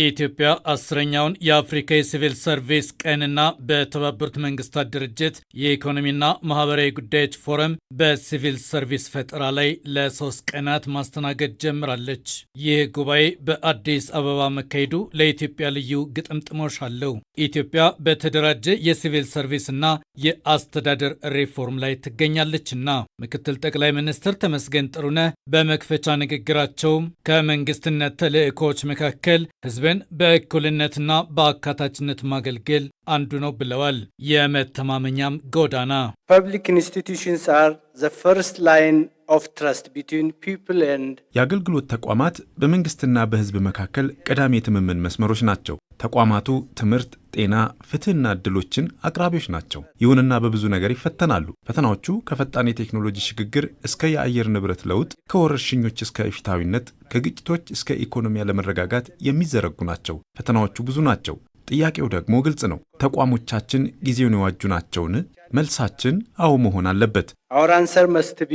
የኢትዮጵያ አስረኛውን የአፍሪካ የሲቪል ሰርቪስ ቀንና በተባበሩት መንግስታት ድርጅት የኢኮኖሚና ማህበራዊ ጉዳዮች ፎረም በሲቪል ሰርቪስ ፈጠራ ላይ ለሶስት ቀናት ማስተናገድ ጀምራለች። ይህ ጉባኤ በአዲስ አበባ መካሄዱ ለኢትዮጵያ ልዩ ግጥምጥሞሽ አለው። ኢትዮጵያ በተደራጀ የሲቪል ሰርቪስና የአስተዳደር ሪፎርም ላይ ትገኛለችና ምክትል ጠቅላይ ሚኒስትር ተመስገን ጥሩነህ በመክፈቻ ንግግራቸውም ከመንግስትነት ተልዕኮዎች መካከል ህዝብን በእኩልነትና በአካታችነት ማገልገል አንዱ ነው ብለዋል። የመተማመኛም ጎዳና ፐብሊክ ኢንስቲትዩሽንስ አር ዘ ፈርስት ላይን ኦፍ ትረስት ቢትዊን ፒፕል ኤንድ የአገልግሎት ተቋማት በመንግስትና በህዝብ መካከል ቀዳሚ የትምምን መስመሮች ናቸው። ተቋማቱ ትምህርት፣ ጤና፣ ፍትህና እድሎችን አቅራቢዎች ናቸው። ይሁንና በብዙ ነገር ይፈተናሉ። ፈተናዎቹ ከፈጣን የቴክኖሎጂ ሽግግር እስከ የአየር ንብረት ለውጥ፣ ከወረርሽኞች እስከ ፊታዊነት ከግጭቶች እስከ ኢኮኖሚ አለመረጋጋት የሚዘረጉ ናቸው። ፈተናዎቹ ብዙ ናቸው። ጥያቄው ደግሞ ግልጽ ነው። ተቋሞቻችን ጊዜውን የዋጁ ናቸውን? መልሳችን አዎ መሆን አለበት። አወር አንሰር መስት ቢ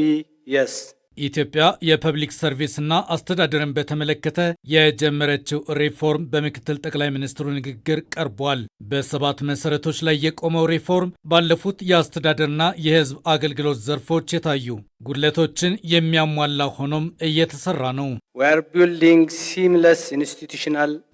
የስ ኢትዮጵያ የፐብሊክ ሰርቪስና አስተዳደርን በተመለከተ የጀመረችው ሪፎርም በምክትል ጠቅላይ ሚኒስትሩ ንግግር ቀርቧል። በሰባት መሰረቶች ላይ የቆመው ሪፎርም ባለፉት የአስተዳደርና የሕዝብ አገልግሎት ዘርፎች የታዩ ጉድለቶችን የሚያሟላ ሆኖም እየተሰራ ነው።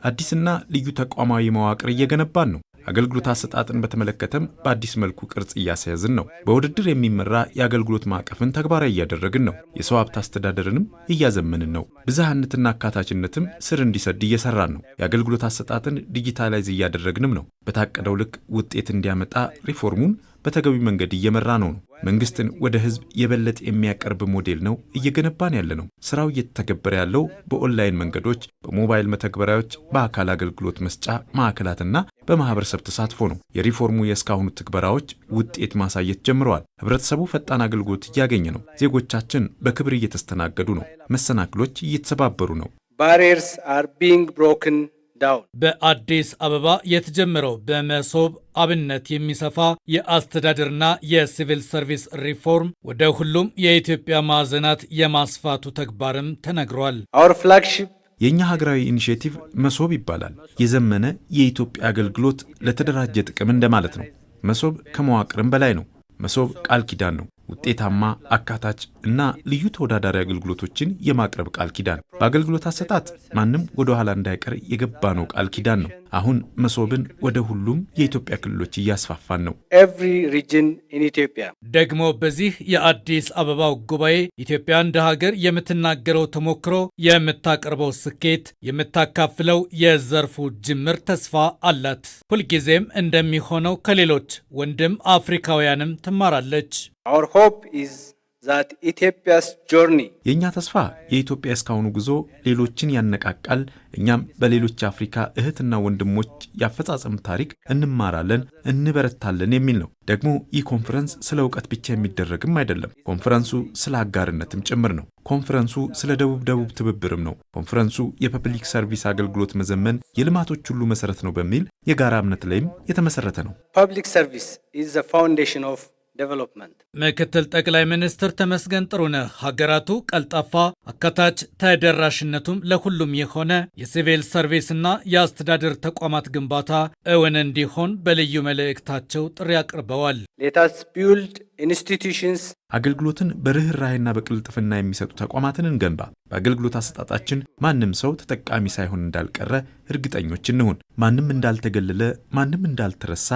አዲስና ልዩ ተቋማዊ መዋቅር እየገነባን ነው። አገልግሎት አሰጣጥን በተመለከተም በአዲስ መልኩ ቅርጽ እያስያዝን ነው። በውድድር የሚመራ የአገልግሎት ማዕቀፍን ተግባራዊ እያደረግን ነው። የሰው ሀብት አስተዳደርንም እያዘመንን ነው። ብዝሃነትና አካታችነትም ስር እንዲሰድ እየሰራን ነው። የአገልግሎት አሰጣጥን ዲጂታላይዝ እያደረግንም ነው። በታቀደው ልክ ውጤት እንዲያመጣ ሪፎርሙን በተገቢ መንገድ እየመራ ነው ነው መንግስትን ወደ ህዝብ የበለጠ የሚያቀርብ ሞዴል ነው እየገነባን ያለ ነው። ስራው እየተተገበረ ያለው በኦንላይን መንገዶች፣ በሞባይል መተግበሪያዎች፣ በአካል አገልግሎት መስጫ ማዕከላትና በማህበረሰብ ተሳትፎ ነው። የሪፎርሙ የእስካሁኑ ትግበራዎች ውጤት ማሳየት ጀምረዋል። ህብረተሰቡ ፈጣን አገልግሎት እያገኘ ነው። ዜጎቻችን በክብር እየተስተናገዱ ነው። መሰናክሎች እየተሰባበሩ ነው። ባሪየርስ አር ቢንግ ብሮክን ዳውን። በአዲስ አበባ የተጀመረው በመሶብ አብነት የሚሰፋ የአስተዳደርና የሲቪል ሰርቪስ ሪፎርም ወደ ሁሉም የኢትዮጵያ ማዕዘናት የማስፋቱ ተግባርም ተነግሯል። አወር ፍላግሺፕ የእኛ ሀገራዊ ኢኒሽቲቭ መሶብ ይባላል። የዘመነ የኢትዮጵያ አገልግሎት ለተደራጀ ጥቅም እንደማለት ነው። መሶብ ከመዋቅርም በላይ ነው። መሶብ ቃል ኪዳን ነው። ውጤታማ፣ አካታች፣ እና ልዩ ተወዳዳሪ አገልግሎቶችን የማቅረብ ቃል ኪዳን በአገልግሎት አሰጣጥ ማንም ወደ ኋላ እንዳይቀር የገባ ነው ቃል ኪዳን ነው። አሁን መሶብን ወደ ሁሉም የኢትዮጵያ ክልሎች እያስፋፋን ነው። ኤቭሪ ሪጅን ኢን ኢትዮጵያ ደግሞ በዚህ የአዲስ አበባው ጉባኤ ኢትዮጵያ እንደ ሀገር የምትናገረው ተሞክሮ፣ የምታቀርበው ስኬት፣ የምታካፍለው የዘርፉ ጅምር ተስፋ አላት። ሁልጊዜም እንደሚሆነው ከሌሎች ወንድም አፍሪካውያንም ትማራለች። ዛት ኢትዮጵያስ ጆርኒ የእኛ ተስፋ የኢትዮጵያ እስካሁኑ ጉዞ ሌሎችን ያነቃቃል። እኛም በሌሎች የአፍሪካ እህትና ወንድሞች ያፈጻጸም ታሪክ እንማራለን፣ እንበረታለን የሚል ነው። ደግሞ ይህ ኮንፈረንስ ስለ እውቀት ብቻ የሚደረግም አይደለም። ኮንፈረንሱ ስለ አጋርነትም ጭምር ነው። ኮንፈረንሱ ስለ ደቡብ ደቡብ ትብብርም ነው። ኮንፈረንሱ የፐብሊክ ሰርቪስ አገልግሎት መዘመን የልማቶች ሁሉ መሰረት ነው በሚል የጋራ እምነት ላይም የተመሰረተ ነው። ፐብሊክ ሰርቪስ ኢዝ ዘ ፋውንዴሽን ኦፍ ምክትል ጠቅላይ ሚኒስትር ተመስገን ጥሩነህ ሀገራቱ ቀልጣፋ፣ አካታች፣ ተደራሽነቱም ለሁሉም የሆነ የሲቪል ሰርቪስና የአስተዳደር ተቋማት ግንባታ እውን እንዲሆን በልዩ መልእክታቸው ጥሪ አቅርበዋል። ሌታስ ቢውልድ ኢንስቲትዩሽንስ አገልግሎትን በርኅራሄና በቅልጥፍና የሚሰጡ ተቋማትን እንገንባ። በአገልግሎት አሰጣጣችን ማንም ሰው ተጠቃሚ ሳይሆን እንዳልቀረ እርግጠኞች እንሁን። ማንም እንዳልተገለለ፣ ማንም እንዳልተረሳ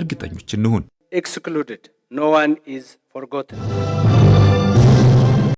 እርግጠኞች እንሁን። ኤክስክሉድድ no one is forgotten.